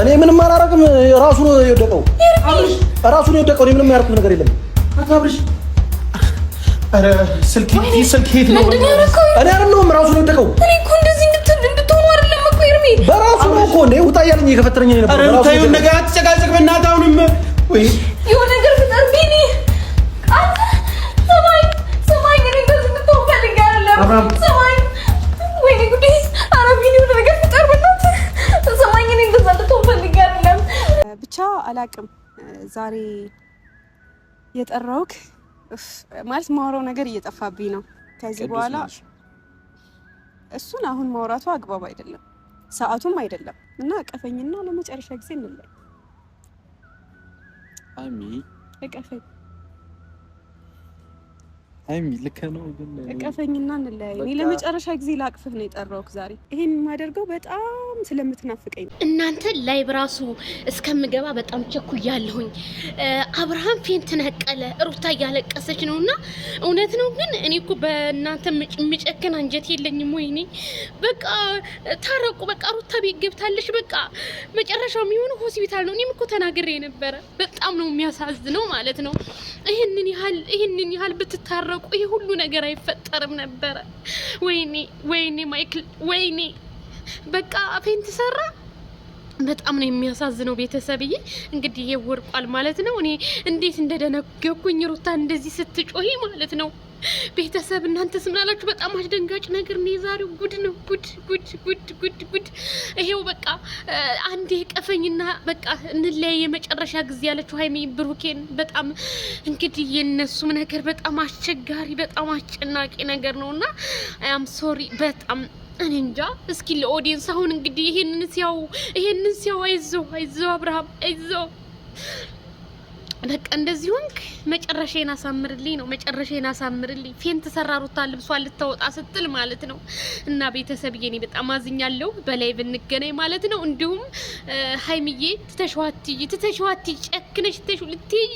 እኔ ምንም አላደርግም። ራሱ ነው የወደቀው፣ ራሱ ነው የወደቀው። እኔ ምንም ያደርኩት ነገር የለም። ነው? እኔ አይደለሁም፣ ራሱ ነው የወደቀው። በራሱ ነው እኮ። ውጣ እያለኝ የከፈተረኝ ነበር። ተይው፣ ነገር አትጨቃጨቅ በእናትህ አሁንም አላቅም ዛሬ የጠራውክ ማለት ማውራው ነገር እየጠፋብኝ ነው። ከዚህ በኋላ እሱን አሁን ማውራቱ አግባብ አይደለም፣ ሰዓቱም አይደለም እና እቀፈኝና ለመጨረሻ ጊዜ እንለኝ። አሚ እቀፈኝ። ሀይሚ ልክ ነው ግን እቀፈኝና እንለያይ። እኔ ለመጨረሻ ጊዜ ላቅፍህ ነው የጠራሁት ዛሬ። ይሄን የማደርገው በጣም ስለምትናፍቀኝ እናንተ ላይ ብራሱ እስከምገባ በጣም ቸኩያለሁኝ። አብርሃም ፌንት ነቀለ፣ ሩታ እያለቀሰች ነው። እና እውነት ነው ግን እኔ እኮ በእናንተ የሚጨክን አንጀት የለኝም። ወይኔ በቃ ታረቁ፣ በቃ ሩታ ቤት ገብታለች፣ በቃ መጨረሻው የሚሆኑ ሆስፒታል ነው። እኔም እኮ ተናግሬ ነበረ። በጣም ነው የሚያሳዝነው ማለት ነው። ይህንን ያህል ይህንን ያህል ብትታረቁ ይህ ሁሉ ነገር አይፈጠርም ነበረ። ወይኔ ወይኔ ማይክል ወይኔ በቃ አፌን ትሰራ። በጣም ነው የሚያሳዝነው። ቤተሰብዬ እንግዲህ ይሄ ወርቋል ማለት ነው። እኔ እንዴት እንደደነገኩኝ ሩታ እንደዚህ ስትጮሂ ማለት ነው። ቤተሰብ እናንተስ ምን አላችሁ? በጣም አስደንጋጭ ነገር ነው የዛሬው። ጉድ ነው ጉድ ጉድ ጉድ ጉድ ጉድ። ይሄው በቃ አንዴ ቀፈኝና በቃ እንለያ የመጨረሻ ጊዜ ያለችው ሀይሚ ብሩኬን። በጣም እንግዲህ የነሱም ነገር በጣም አስቸጋሪ በጣም አስጨናቂ ነገር ነው እና አም ሶሪ በጣም እኔ እንጃ። እስኪ ለኦዲየንስ አሁን እንግዲህ ይሄንን ሲያው ይሄንን ሲያው አይዞ አይዞ አብርሃም አይዞ በቃ እንደዚህ ሆንክ። መጨረሻዬን አሳምርልኝ ነው መጨረሻዬን አሳምርልኝ። ፌን ተሰራ ልብሷ ልታወጣ ስትል ማለት ነው። እና ቤተሰብዬ እኔ በጣም አዝኛለሁ። በላይ ብንገናኝ ማለት ነው። እንዲሁም ሀይምዬ፣ ትተሽዋትይ ትተሽዋትይ ጨክነሽ ትተሽ ልትይ